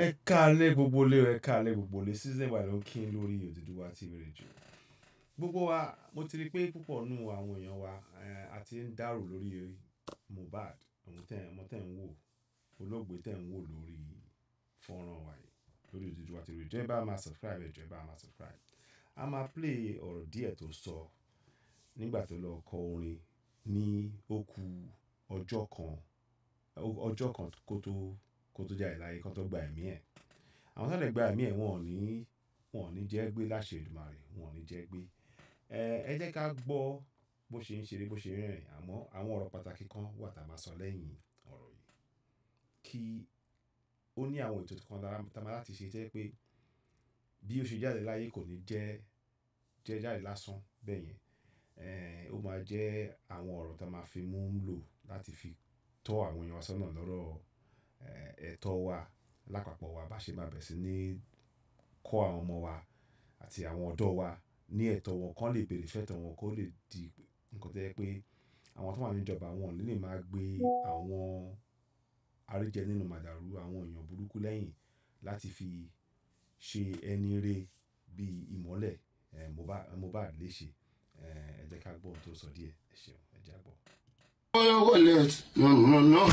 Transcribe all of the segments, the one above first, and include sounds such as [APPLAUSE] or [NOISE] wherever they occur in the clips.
ẹ káalẹ́ gbogbo lé o ẹ káalẹ́ gbogbo lé season wa ló ń kí lórí Odùduwà TV Radio gbogbo wa mo ti rí pé púpọ̀ nù àwọn èèyàn wa a ti ń dàrú lórí Mohbad ọmọ tẹ̀ ń wò olóògbé tẹ̀ ń wò lórí fọ́nrán wa yìí lórí Odùduwà TV Radio ẹ bá máa subscribe ẹ jọ̀ọ́ ẹ bá máa subscribe a máa play ọ̀rọ̀ díẹ̀ tó sọ nígbà tó lọ kọ orin ní ó kù ọjọ́ kan ọjọ́ kan kó tó kó tó jáde láyé kó tó gba ẹ̀mí ẹ̀. Àwọn tó dẹ̀ gba ẹ̀mí ẹ̀ wọn ò ní, wọn ò ní jẹ́ gbé láṣẹ Èdùmàrè, wọn ò ní jẹ́ gbé. Ẹ jẹ́ ká gbọ́ bó ṣe ń ṣeré, bó ṣe ń rẹ́rìn, àmọ́ àwọn ọ̀rọ̀ pàtàkì kan wà tí a máa sọ lẹ́yìn ọ̀rọ̀ yìí. Kí ó ní àwọn ètò kan tí a máa láti ṣe jẹ́ pé bí ó ṣe jáde láyé kò ní jẹ́, jẹ́ jáde lásán bẹ́yẹn. Ó máa jẹ́ àwọn ọ̀rọ̀ tí a máa fi mú ń lò láti fi tọ́ àwọn èèyàn sọ́nà lọ́rọ̀ ẹ̀tọ́ wa lápapọ̀ wa bá ṣe máa bẹ̀rẹ̀ sí ní kọ́ àwọn ọmọ wa àti àwọn ọ̀dọ́ wa ní ẹ̀tọ́ wọn kó lè bèrè fẹ́tọ̀ wọn kó lè di nǹkan tó jẹ́ pé àwọn tó wà ní ìjọba wọn ò ní lè máa gbé àwọn àríjẹ nínú màdàrú àwọn èèyàn burúkú lẹ́yìn láti fi ṣe ẹni rere bí ìmọ́lẹ̀ Mohbad léṣe. Ẹ jẹ́ ká tó sọ díẹ̀. Ẹ ṣeun, ẹ your wallet. No, no, no.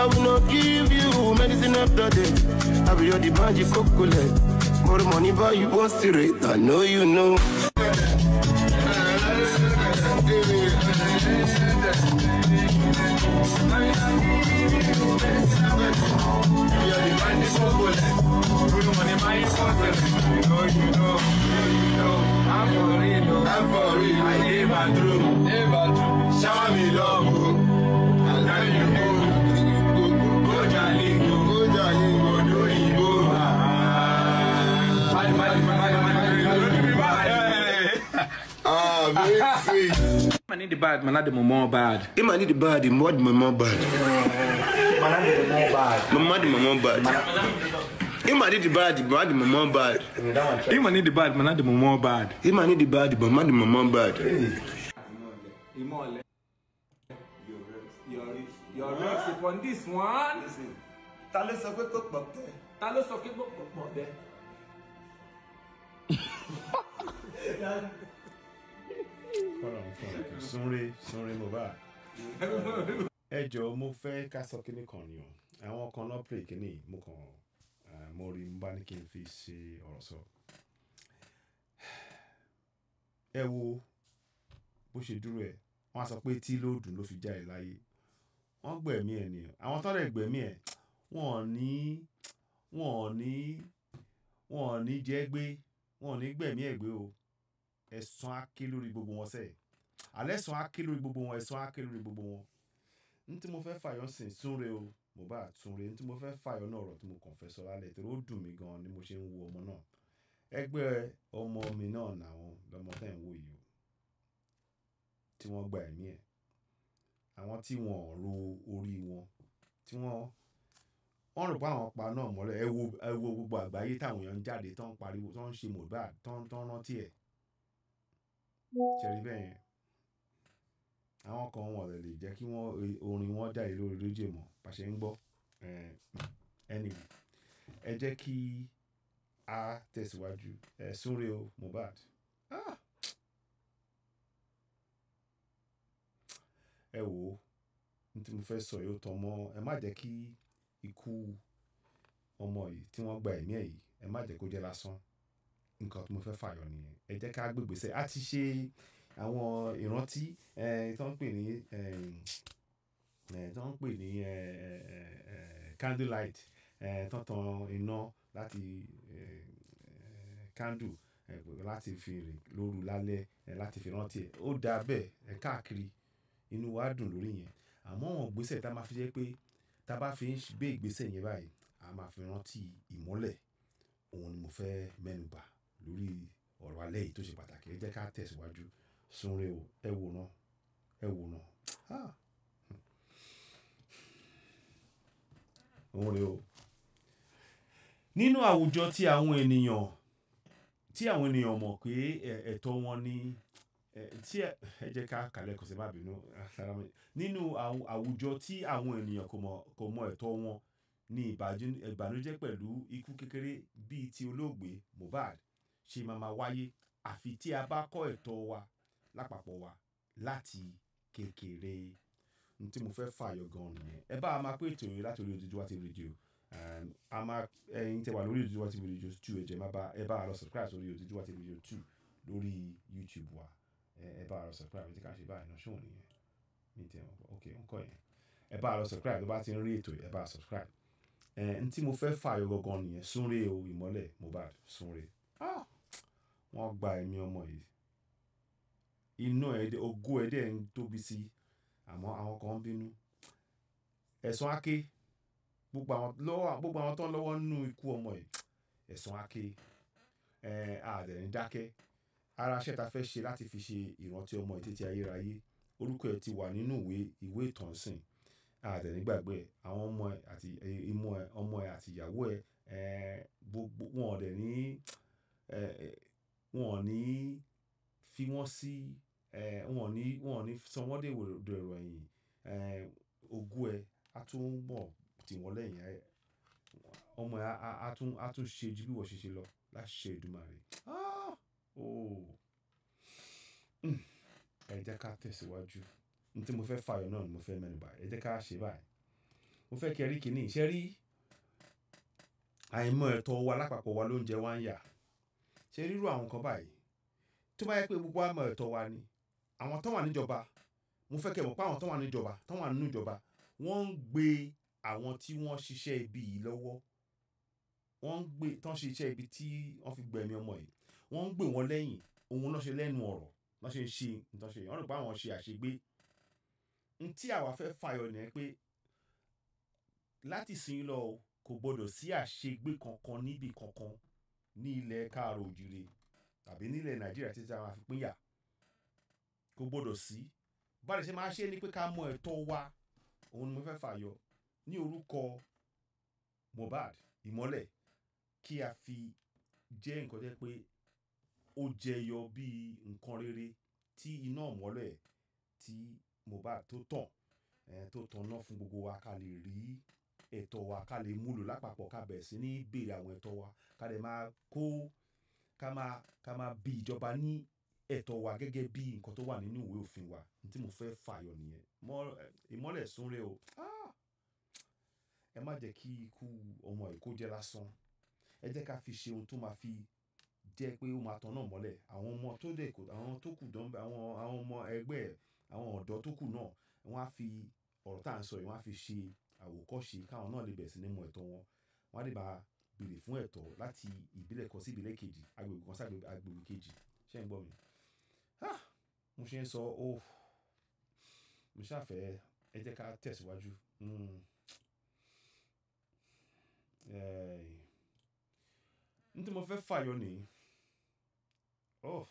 I will not give you medicine after that. I will your demand you cocolette. More money buy you one cigarette. I know you know. I'm for real, I'm for real. I never true, never true. Shower me love. are very sweet. I need the bad, man. I need the more bad. If I need the bad, the more the more bad. Man, I need the more bad. Man, I need the more bad. If I need the bad, man, I need the more bad. If I need the bad, man, I need the more bad. If I need the bad, man, I need the more bad. Your lips, your lips upon this one. Listen. Ta ló sọ pé kò pọ̀ tẹ́? Ta ló sọ pé kò pọ̀ tẹ́? [LAUGHS] kọ́lọ́n fún ọ̀kẹ́ súnré súnré Mohbad. ẹ jọ̀ọ́ mo fẹ́ ká sọ kíní kan ni o àwọn kan náà pè kíní mo kàn mo rí n bá ní kí n fi ṣe ọ̀rọ̀ sọ. ẹ wo bó ṣe dúró ẹ wọn á sọ pé tí ló dùn ló fi jáde láyé wọn gbẹ̀mí ẹ nìyẹn àwọn tọ́lẹ̀ gbẹ̀mí ẹ wọn ò ní wọn ò ní wọn ò ní jẹ́ gbé wọn ò ní gbẹ̀mí ẹ̀ gbé o ẹ̀san ake lórí gbogbo wọn sẹ́ẹ̀ alẹ́ ẹ̀san ake lórí gbogbo wọn ẹ̀san ake lórí gbogbo wọn n tí mo fẹ́ fàyọ sìn túnre o Mohbad túnre n tí mo fẹ́ fàyọ náà ọ̀rọ̀ tí mo kàn fẹ́ sọ lálẹ́ torí ó dùn mí gan ni mo ṣe ń wo ọmọ náà ẹgbẹ́ ọmọ mi náà làwọn lọmọ tẹ́ ń wò yìí o tí wọ́n gba ẹ̀mí ẹ̀ àwọn tí wọ́n ro orí wọn tí wọ́n wọ́n rò pé àwọn pa náà mọ́lẹ̀ ẹ wo gbogbo àgbáyé táwọn èèyàn ń jáde tán pariwo tán ṣe Mohbad tán tán rántí ẹ̀ Ṣẹ̀rí bẹ́ẹ̀ yẹn? Àwọn kan wọ́n dẹ̀ lè jẹ́ kí wọ́n, orin wọn jáde lórí rédíò mọ̀, bá ṣe ń gbọ́. Ehn, ẹ jẹ́ kí a tẹ̀síwájú. Ẹ súre o, Mohbad. Ah! Ẹ wò ó, ohun tí mo fẹ́ sọ yóò tan mọ́. Ẹ má jẹ́ kí ikú ọmọ yìí tí wọ́n gba ẹ̀mí ẹ̀ yìí, ẹ má jẹ́ kó jẹ́ lásán nǹkan tó mo fẹ́ fàyọ nìyẹn ẹ jẹ́ ká gbé ìgbésẹ̀ a ti ṣe àwọn ìrántí tó ń pè ní tó ń pè ní candle light tó tan iná láti candle láti fi rìn lóru lálẹ́ láti fi rántí ẹ̀ ó dáa bẹ́ẹ̀ káàkiri inú wa dùn lórí yẹn àmọ́ àwọn ìgbésẹ̀ tá a máa fi jẹ́ pé tá a bá fi ń gbé ìgbésẹ̀ yẹn báyìí a máa fi rántí ìmọ́lẹ̀ òun ni mo fẹ́ mẹ́nu bà lórí ọ̀rọ̀ alẹ́ yìí tó ṣe pàtàkì ẹ jẹ́ ká tẹ̀síwájú sunre o ẹ wòran ẹ wòran ah! òun rè o. nínú àwùjọ tí àwọn ènìyàn tí àwọn ènìyàn mọ̀ pé ẹ̀tọ́ wọn ni tí ẹ jẹ́ ká kàlẹ́ kò sí má bínú nínú àwùjọ tí àwọn ènìyàn kò mọ ẹ̀tọ́ wọn ni ìbànújẹ́ pẹ̀lú ikú kékeré bíi ti olóògbé Mohbad ṣe máa máa wáyé àfi tí a bá kọ́ ẹ̀tọ́ wa lápapọ̀ wa láti kékeré n tí mo fẹ́ fààyọ gan nìyẹn ẹ bá a máa pé ètò yìí láti orí Odùduwà TV rédíò a máa ẹ̀yin tẹ́ wà lórí Odùduwà TV rédíò two ẹ jẹ́ má bá ẹ bá a lọ subscribe sórí Odùduwà TV rédíò two lórí YouTube wa ẹ bá a lọ subscribe tí ká ṣe báyìí náà ṣóun nìyẹn mi tẹ ọ ok n kọ yẹn ẹ bá a lọ subscribe tó bá ti ń rí ètò ẹ bá a subscribe ẹ n tí mo fẹ́ fààyọ gangan nìyẹn súnre o Ìmọ́lẹ̀ Mohbad súnre. ah wọ́n gba ẹ̀mí ọmọ yìí. Inú ẹ̀, ògo ẹ̀ dẹ̀ ń tóbi sí, àmọ́ àwọn kan ń bínú. Ẹ̀sùn Aké, gbogbo àwọn lọ́wọ́, gbogbo àwọn tó ń lọ́wọ́ nínú ikú ọmọ yìí, ẹ̀sùn Aké. Ẹ̀, a dẹ̀ ní dákẹ́. Ara iṣẹ́ ta fẹ́ ṣe láti fi ṣe ìrántí ọmọ yìí ayérayé. Orúkọ ẹ̀ ti wà nínú ìwé, ìwé ìtàn sìn. A dẹ̀ ní gbàgbé ẹ̀. Àwọn ọmọ ẹ̀ àti ìmọ̀ ẹ̀, ọmọ ìyàwó ẹ̀, gbogbo wọn dẹ̀ ní, wọn ò ní fi wọ́n sí, eh, wọn ò ní, wọn ò ní sọ wọ́n dé èrò ẹ̀yìn. Eh, ògo ẹ á tún bọ̀ tì wọ́n lẹ́yìn. Ọmọ ẹ á tún, á tún ṣe ju bí ìwọ ṣe ṣe lọ láṣẹ Èdùmàrè. Ah! Oh! Hmm. Ẹ jẹ́ ká tẹ̀síwájú. Ohun tí mo fẹ́ fàyọ náà ni mo fẹ́ mẹ́nu bà. Ẹ jẹ́ ká ṣe báyìí. Mo fẹ́ kí ẹ rí kìíní. Ṣé wa lápapọ̀ wa ló ń jẹ wá ń yà ṣe rírú àwọn nǹkan báyìí tó bá yẹ pé gbogbo àmọ́ ẹ̀tọ́ wa ni àwọn tó wà níjọba mo fẹ́ kẹ́ mọ̀ pé àwọn tó wà níjọba tó wà nínú ìjọba wọ́n ń gbé àwọn tí wọ́n ṣiṣẹ́ ibi yìí lọ́wọ́ wọ́n ń gbé tán ṣiṣẹ́ ibi tí wọ́n fi gbẹ̀mí ọmọ yìí wọ́n ń gbé wọn lẹ́yìn òun náà ṣe lẹ́nu ọ̀rọ̀ náà ṣe ń ṣe nǹkan ṣe wọ́n rò pé àwọn ṣe àṣegbé n tí àwa fẹ́ fàyọ nìyẹn pé láti sìn lọ kò gbọdọ̀ sí àṣegbé kankan níbi kankan ní ilẹ̀ káàrọ̀ òjìrè tàbí nílẹ̀ nàìjíríà títí àwọn àfipínyà kò gbọ́dọ̀ sí báyìí ṣe máa ṣe ni pé ká mọ ẹ̀tọ́ wa òun ni mo fẹ́ fàyọ ní orúkọ Mohbad ìmọ́lẹ̀ kí a fi jẹ́ nǹkan jẹ́ pé ó jẹyọ bíi nǹkan rere tí iná ìmọ́lẹ̀ tí Mohbad tó tàn tó tàn náà fún gbogbo wa ká lè rí ẹ̀tọ́ wa ká lè múlò lápapọ̀ ká bẹ̀rẹ̀ sí ní béèrè àwọn ẹ̀tọ́ wa ká lè máa kó ká máa ká máa bi ìjọba ní ẹ̀tọ́ wa gẹ́gẹ́ bí nǹkan tó wà nínú ìwé òfin wa ní tí mo fẹ́ fààyọ nìyẹn ìmọ́lẹ̀ súnre o ah! ẹ má jẹ́ kí ikú ọmọ èkó jẹ́ lásán ẹ jẹ́ ká fi ṣe ohun tó máa fi jẹ́ pé ó máa tanná mọ́lẹ̀ àwọn ọmọ tó dẹ̀ kó àwọn tó kù dán àwọn àwọn ọmọ ẹgbẹ́ àwọn ọ̀dọ́ tó kù náà wọ́n á fi ọ̀rọ̀ tá à ń sọ yìí wọ́n á fi ṣe àwòkọ́ṣe káwọn náà lè bẹ̀rẹ̀ sí ní mọ ẹ̀tọ́ wọn wọ́n á lè bá béèrè fún ẹ̀tọ́ láti ìbílẹ̀ kan sí ìbílẹ̀ kejì agbègbè kan sí agbègbè kejì ṣé ń gbọ́ mi. mo ṣe ń sọ ó mo ṣàfẹ́ ẹ jẹ́ ká tẹ̀síwájú. Hmm. n tí mo fẹ́ fàyọ nìyí. Oh.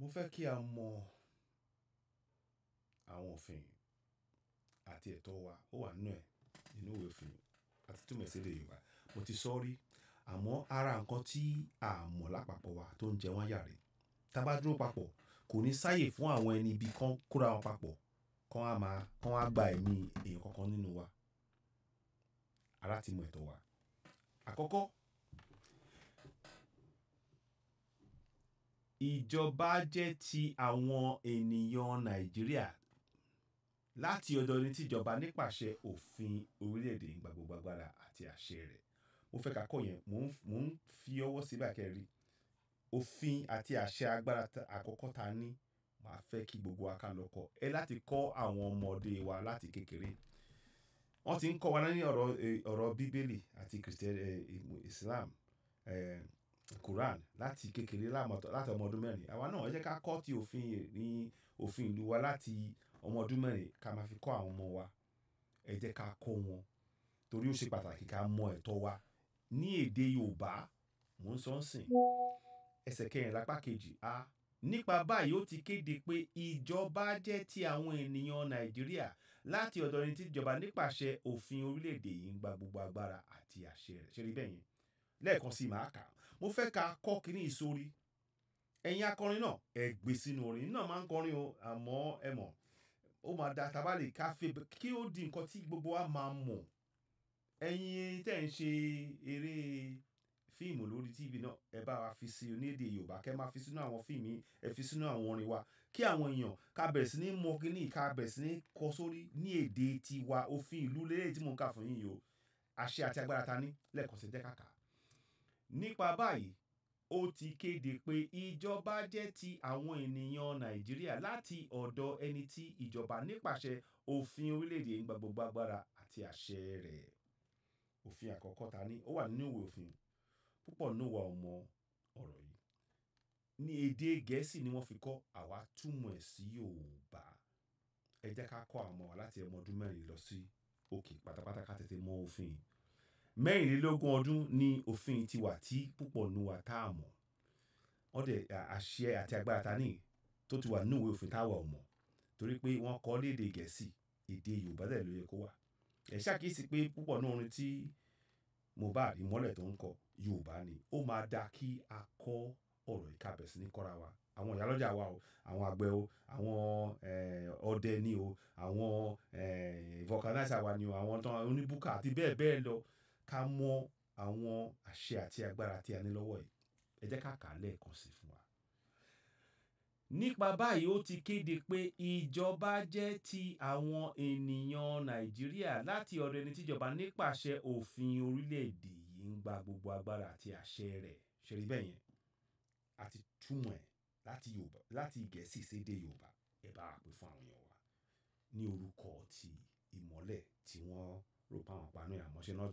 Mo fẹ́ kí a mọ àwọn òfin àti ẹ̀tọ́ wa ó wà nínú ẹ̀, nínú ìwé òfin àti túmọ̀ sí Yorùbá. Mo ti sọ rí, àmọ́ ara nǹkan tí a mọ̀ lápapọ̀ wa tó ń jẹ wá yà rè. Tí a bá dúró papọ̀, kò ní sáyé fún àwọn ẹni ibi kan kóra wọn papọ̀, kan a máa, kan a gba ẹ̀mí èèyàn kankan nínú wa. Ara ti mọ ẹ̀tọ́ wa. Àkọ́kọ́, ìjọba jẹ́ ti àwọn ènìyàn Nàìjíríà láti ọ̀dọ̀ ẹni tí ìjọba nípasẹ̀ òfin orílẹ̀-èdè ń gba gbogbo agbára àti àṣẹ rẹ̀ mo fẹ́ ká kọ́ yẹn mò ń fi ọwọ́ síbà kẹrí òfin àti àṣẹ agbára àkọ́kọ́ ta ní màá fẹ́ kí gbogbo wa ká lọ kọ́ ẹ láti kọ́ àwọn ọmọdé wa láti kékeré wọ́n ti ń kọ́ wa ní ọ̀rọ̀ bíbélì àti Islam Quran láti kékeré láti ọmọ ọdún mẹ́rin. Àwa náà ẹ jẹ́ ká kọ́ ti òfin ní òfin ìlú wa láti ọmọ ọdún mẹ́rin ká máa fi kọ́ àwọn ọmọ wa. Ẹ jẹ́ ká kọ́ wọn torí ó ṣe pàtàkì ká mọ ẹ̀tọ́ wa. Ní èdè Yorùbá mò ń sọ ń sìn. Ẹsẹ̀ kẹrin lápá kejì a. Nípa báyìí ó ti kéde pé ìjọba jẹ́ ti àwọn ènìyàn Nàìjíríà láti ọ̀dọ̀ ẹni tí ìjọba nípasẹ̀ òfin orílẹ̀ èdè yìí ń gba gbogbo agbára àti àṣẹ rẹ̀. Ṣé rí bẹ́ẹ̀ yẹn? Lẹ́ẹ̀kan sí màá kà á mo fẹ́ ka kọ́ kíní ìsórí ẹ̀yin akọrin náà ẹ gbé sínú orin náà máa ń kọrin o àmọ́ ẹ mọ̀ ó máa da tabalè káfí kí ó di nǹkan tí gbogbo wa máa mọ̀ ẹ̀yin tẹ̀ ń ṣe eré fíìmù lórí tv náà ẹ bá wa fi sí i ní yorùbá kẹ́ máa fi sínú àwọn fíìmù ẹ fi sínú àwọn orin wa kí àwọn èèyàn ká bẹ̀rẹ̀ sí ní mọ kíní ká bẹ̀rẹ̀ sí ní kọ sórí ní èdè tiwa òfin ìlú lélẹ́yìn tí mò ń kà fún yín yìí o àṣẹ àti agbára ta ní lẹ́ẹ̀kan sí jẹ́ kàkà. Nípa báyìí, ó ti kéde pé ìjọba jẹ́ ti àwọn ènìyàn Nàìjíríà láti ọ̀dọ̀ ẹni tí ìjọba nípasẹ̀ òfin orílẹ̀-èdè ń gba gbogbo agbára àti àṣẹ rẹ̀. Òfin àkọ́kọ́ ta ní ó wà nínú ìwé òfin. Púpọ̀ nínú wa ò mọ ọ̀rọ̀ yìí. Ní èdè Gẹ̀ẹ́sì ni wọ́n fi kọ́ àwa túmọ̀ ẹ̀ sí Yorùbá. Ẹ jẹ́ ká kọ́ àwọn ọmọ wa láti ọmọ ọdún mẹ́rin lọ sí òkè pátápátá ká tètè mọ òfin yìí mẹ́rìnlélógún ọdún ni òfin ti wà tí púpọ̀ nu wa tá a mọ̀ wọ́n dẹ̀ àṣẹ àti agbára ta ní tó ti wà núwèé òfin táwa ò mọ̀ torí pé wọ́n kọ́ léde gẹ̀ẹ́sì èdè yorùbá dẹ̀ ló yẹ kó wà ẹ ṣàkíyèsí pé púpọ̀ náà orin tí Mohbad ìmọ́lẹ̀ tó ń kọ yorùbá ni ó máa da kí a kọ́ ọ̀rọ̀ ìkàbẹ̀ sí ní kọ́ra wa àwọn ìyálọ́jà wa o àwọn àgbẹ̀ o àwọn ọdẹ ni o àwọn vulcanizer wa ni o àwọn oníbùkà àti bẹ́ẹ̀ bẹ́ẹ̀ lọ ká mọ àwọn àṣẹ àti agbára tí a ní lọ́wọ́ yìí. Ẹ jẹ́ ká kà á lẹ́ẹ̀kan sí fún wa. Nípa báyìí ó ti kéde pé ìjọba jẹ́ ti àwọn ènìyàn Nàìjíríà láti ọ̀dọ̀ ẹni tíjọba nípasẹ̀ òfin orílẹ̀-èdè yìí ń gba gbogbo agbára àti àṣẹ rẹ̀. Ṣé rí bẹ́ẹ̀ yẹn? A túmọ̀ ẹ̀ láti Yorùbá láti Gẹ̀ẹ́sì sédé Yorùbá. Ẹ bá wa pè fún àwọn èèyàn wa ní orúkọ ti ìmọ́lẹ̀ tí wọ́n rò pé àwọn panú náà dúró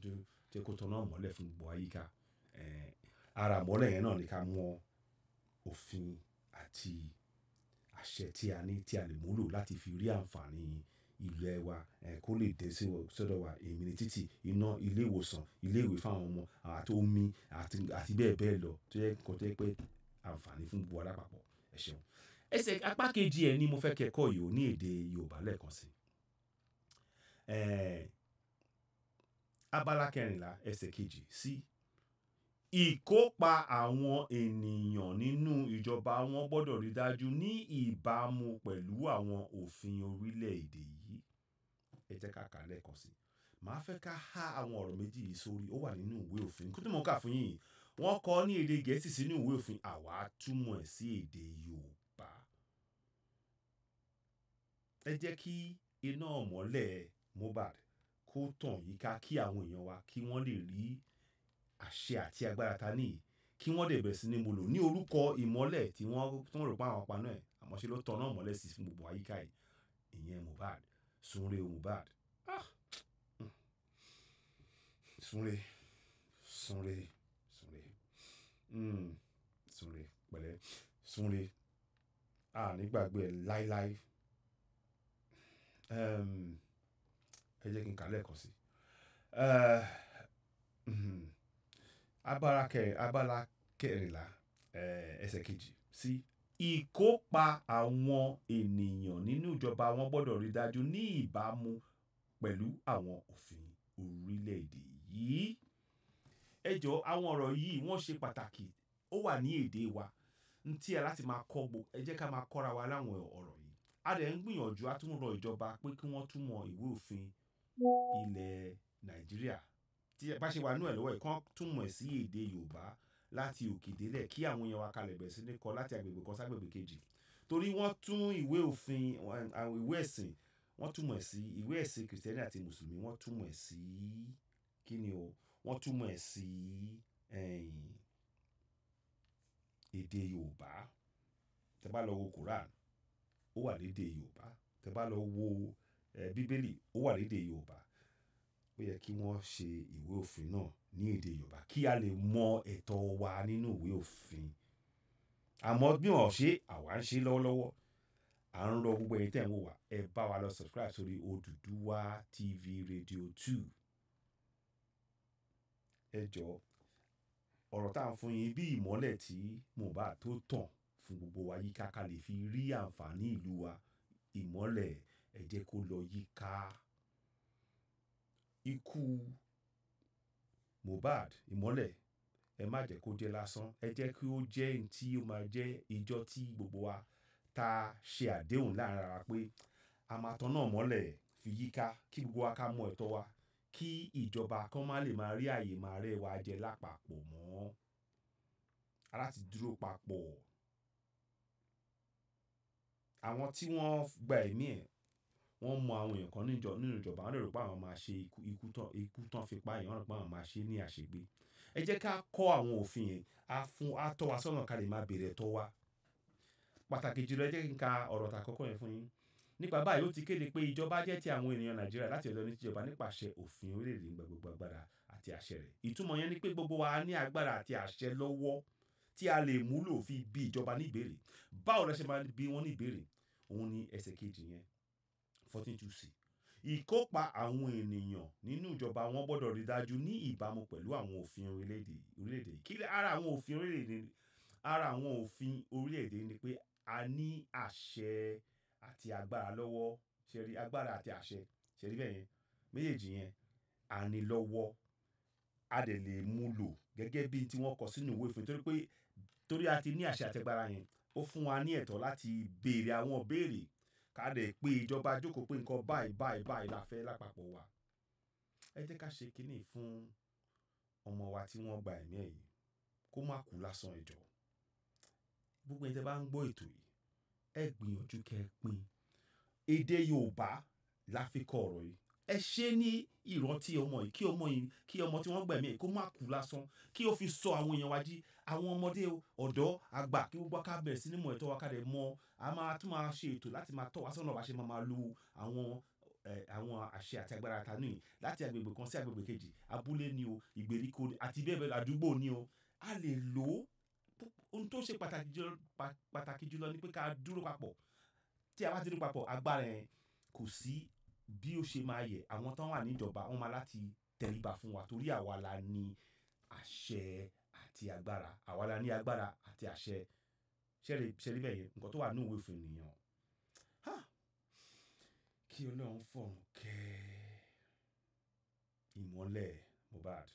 jẹ́ kó tọ́nà mọ́lẹ̀ fún gbogbo àyíká. Ara mọ́lẹ̀ yẹn náà ni ká mọ òfin àti àṣẹ tí a ní tí a lè múlò láti fi rí àǹfààní ilẹ̀ wa kó lè dé sí ọ̀dọ̀ wa. Èmi ni títì, iná, ilé ìwòsàn, ilé ìwé fún àwọn ọmọ àti omi àti bẹ́ẹ̀ bẹ́ẹ̀ lọ tó jẹ́ nǹkan tó pé àǹfààní fún gbogbo wa Ẹ ṣeun. Ẹsẹ̀ apá kejì ẹ ni mo fẹ́ kẹ́kọ̀ọ́ yìí ní èdè Yorùbá lẹ́ẹ̀kan si abala kẹrìnlá ẹsẹ̀ kejì sí ìkópa àwọn ènìyàn nínú ìjọba wọn gbọ́dọ̀ rí dájú ní ìbámu pẹ̀lú àwọn òfin orílẹ̀-èdè yìí ẹ jẹ́ ká kà lẹ́ẹ̀kan sí màá fẹ́ ká há àwọn ọ̀rọ̀ méjì yìí sórí ó wà nínú ìwé òfin kó tó mọ̀ ká fún yìí wọ́n kọ ní èdè gẹ̀ẹ́sì sínú ìwé òfin àwa túmọ̀ ẹ̀ sí èdè yorùbá ẹ jẹ́ kí iná ọ̀mọ́lẹ̀ Mohbad kó tàn yíká kí àwọn èèyàn wa kí wọ́n lè rí àṣẹ àti agbára ta níyì kí wọ́n dẹ̀ bẹ̀rẹ̀ sí ní mo lò ní orúkọ ìmọ́lẹ̀ tí wọ́n tó ń rò pa àwọn paná ẹ̀ àmọ́ ṣe ló tọ́nà mọ́lẹ̀ sí fún gbogbo àyíká yìí ìyẹn Mohbad Sunre Mohbad ah! hmm. Sunre Sunre Sunre hmm. Sunre pẹ̀lẹ́ Sunre a nígbàgbé ẹ̀ láíláí. Um, ẹ jẹ́ kí n kà lẹ́ẹ̀kan sí. Eh, mhm. abala kẹrìnlá eh, ẹsẹ̀ kejì sí ìkópa àwọn ènìyàn nínú ìjọba wọn gbọ́dọ̀ rí dájú ní ìbámu pẹ̀lú àwọn òfin orílẹ̀-èdè yìí ẹ jọ̀ọ́ àwọn ọ̀rọ̀ yìí wọ́n ṣe pàtàkì ó wà ní èdè wa n tí a láti máa kọ́ gbo ẹ jẹ́ ká máa kọ́ra wa láwọn ọ̀rọ̀ yìí a dẹ̀ ń gbìyànjú a tún rọ ìjọba pé kí wọ́n túmọ̀ ìwé òfin ilẹ̀ nàìjíríà tí ẹ bá ṣe wà nú ẹ̀ lọ́wọ́ ìkan túmọ̀ ẹ̀ sí èdè yorùbá láti òkè délẹ̀ kí àwọn èèyàn wa kalẹ̀ bẹ̀rẹ̀ sí ní kọ láti agbègbè kan ságbègbè kejì torí wọ́n tún ìwé òfin àwọn ìwé ẹ̀sìn wọ́n túmọ̀ ẹ̀ sí ìwé ẹ̀sìn kìrìsìtẹ́nì àti mùsùlùmí wọ́n túmọ̀ ẹ̀ sí kí ni o wọ́n túmọ̀ ẹ̀ sí èdè yorùbá tẹ́ bá lọ wo Quran ó wà lédè yorùbá tẹ́ bá lọ wo bíbélì ó wà lédè Yorùbá ó yẹ kí wọ́n ṣe ìwé òfin náà ní èdè Yorùbá kí a lè mọ ẹ̀tọ́ wa nínú ìwé òfin àmọ́ bí wọ́n ṣe àwa ń ṣe lọ́wọ́lọ́wọ́ à ń lọ gbogbo ẹ̀yin tẹ̀ ń wò wá ẹ bá wa lọ subscribe sórí Odùduwà TV Radio Two ẹ jọ ọ̀rọ̀ tá à ń fún yín bí ìmọ́lẹ̀ tí Mohbad tó tàn fún gbogbo wa yíká ká lè fi rí àǹfààní ìlú wa ìmọ́lẹ̀ ẹ jẹ́ kó lọ yíká. Ikú Mohbad ìmọ́lẹ̀ ẹ má jẹ́ kó jẹ́ lásán ẹ jẹ́ kí ó jẹ́ ohun tí ó máa jẹ́ ìjọ tí gbogbo wa ta ṣe àdéhùn láàrin ara pé a máa tan náà mọ́lẹ̀ fi yíká kí gbogbo wa ká mọ ẹ̀tọ́ wa kí ìjọba kan má lè máa rí àyè máa rẹ́ wa jẹ lápapọ̀ mọ́ aláti dúró papọ̀ àwọn tí wọ́n gba ẹ̀mí ẹ̀ wọ́n mọ àwọn èèyàn kan níjọ nínú ìjọba wọ́n rò pé àwọn máa ṣe ikú tán fi pa èèyàn rò pé àwọn máa ṣe ní àṣegbé ẹ jẹ́ ká kọ́ àwọn òfin yẹn á fún á tọ́ wa sọ́nà ká lè máa béèrè ẹ̀tọ́ wa pàtàkì jùlọ ẹ jẹ́ kí n ka ọ̀rọ̀ tà kọ́kọ́ yẹn fún yín nípa báyìí ó ti kéde pé ìjọba jẹ́ ti àwọn ènìyàn nàìjíríà láti ọ̀dọ̀ oníṣèjọba nípasẹ̀ òfin orílẹ̀-èdè nígbà gbogbo ni pé gbogbo wa ní agbára àti àṣẹ lọ́wọ́ fourteen two c ìkópa àwọn ènìyàn nínú ìjọba wọn gbọ́dọ̀ rí dájú ní ìbámu pẹ̀lú àwọn òfin orílẹ̀-èdè orílẹ̀-èdè kí ara àwọn òfin orílẹ̀-èdè ara àwọn òfin orílẹ̀-èdè ni pé a ní àṣẹ àti agbára lọ́wọ́ ṣẹ̀rí agbára àti àṣẹ ṣẹ̀rí bẹ́ẹ̀ yẹn méjèèjì yẹn a ní lọ́wọ́ a dẹ̀ lè mú lò gẹ́gẹ́ bí tí wọ́n kọ sínú ìwé òfin torí pé torí a ti ní àṣẹ àtẹgbára yẹn ó fún wa ní ẹ̀tọ́ láti béèrè àwọn béèrè káàdé pé ìjọba jókòó pé nǹkan báyìí báyìí báyìí la fẹ́ lápapọ̀ wa ẹ jẹ́ ká ṣe kínní fún ọmọ wa tí wọ́n gba ẹ̀mí ẹ̀ yìí kó má kú lásán ẹ gbogbo ẹ̀ bá ń gbọ́ ètò yìí ẹ gbìyànjú kẹ́ ẹ èdè Yorùbá la fi kọ ọ̀rọ̀ yìí ẹ ṣe ní ìrántí ọmọ yìí kí ọmọ yìí kí ọmọ tí wọ́n gbẹ̀mí ẹ̀ kó má kú lásán kí ó fi sọ àwọn èèyàn wa jí àwọn ọmọdé ọ̀dọ́ àgbà kí gbogbo ká bẹ̀rẹ̀ sí ní mọ̀ ẹ̀tọ́ wa ká lè mọ̀ a máa tún máa ṣe ètò láti máa tọ́ wa sọ́nà bá ṣe máa máa lo àwọn àwọn àṣẹ àti agbára ta yìí láti agbègbè kan sí agbègbè kejì abúlé ni o ìgbèríko àti bẹ́ẹ̀ bẹ́ẹ̀ àdúgbò ni o a lè lò ó ohun tó ṣe pàtàkì jùlọ ni pé ká dúró papọ̀ tí a bá ti dúró papọ̀ agbára yẹn kò sí bí ó ṣe máa yẹ àwọn tán wà níjọba wọn máa láti tẹríba fún wa torí àwa la ní àṣẹ àti agbára àwa la ní agbára àti àṣẹ ṣẹlẹ̀ ṣẹlẹ̀ bẹyẹ nǹkan tó wà ní òwe òfin nìyẹn kí Ọlọ́run fọ̀run kẹ́ ìmọ́lẹ̀ Mohbad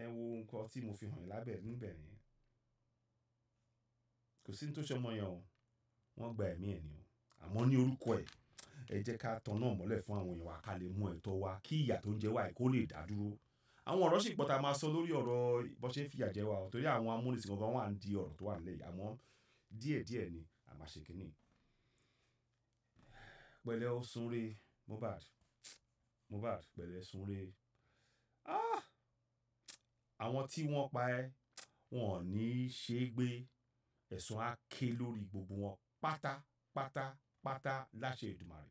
ẹ wo nǹkan tí mo fi hàn lábẹ́ níbẹ̀ yẹn kò sí ní tó ṣọmọ yẹn o wọ́n gba ẹ̀mí ẹ̀ ni o àmọ́ ní orúkọ ẹ̀ ẹ jẹ́ ká tan náà mọ́lẹ̀ fún àwọn èèyàn wa ká lè mú ẹ̀tọ́ wa kí ìyà tó ń jẹ wá kó lè dá dúró àwọn ọ̀rọ̀ sì pọ̀ tá a máa sọ lórí ọ̀rọ̀ bó ṣe ń fìyà jẹ wa torí àwọn amúnisìn gangan wà ń di ọ̀rọ̀ tó wà nílẹ̀ yìí àmọ́ díẹ̀díẹ̀ ni àmà ṣe kínní pẹ̀lẹ́ ó sunre Mohbad Mohbad pẹ̀lẹ́ sunre ah àwọn tí wọ́n pa ẹ́ wọn ò ní í ṣe é gbé ẹ̀sùn á ké lórí gbogbo wọn pátápátá pátá láṣẹ Èdùmàrè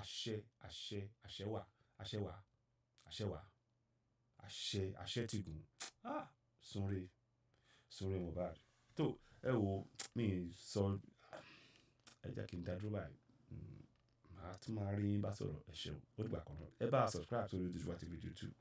àṣẹ àṣẹ àṣẹ wà àṣẹ wà àṣẹ wà àṣẹ àṣẹ tìgùn ah Sunre Sunre Mohbad tó ẹ wo mi sọ ẹ jẹ́ kí n dádúró báyìí màá tún máa rí yín bá sọ̀rọ̀ ẹ ṣeun ó dìgbà kan náà ẹ bá a subscribe sórí Odùduwà TV YouTube.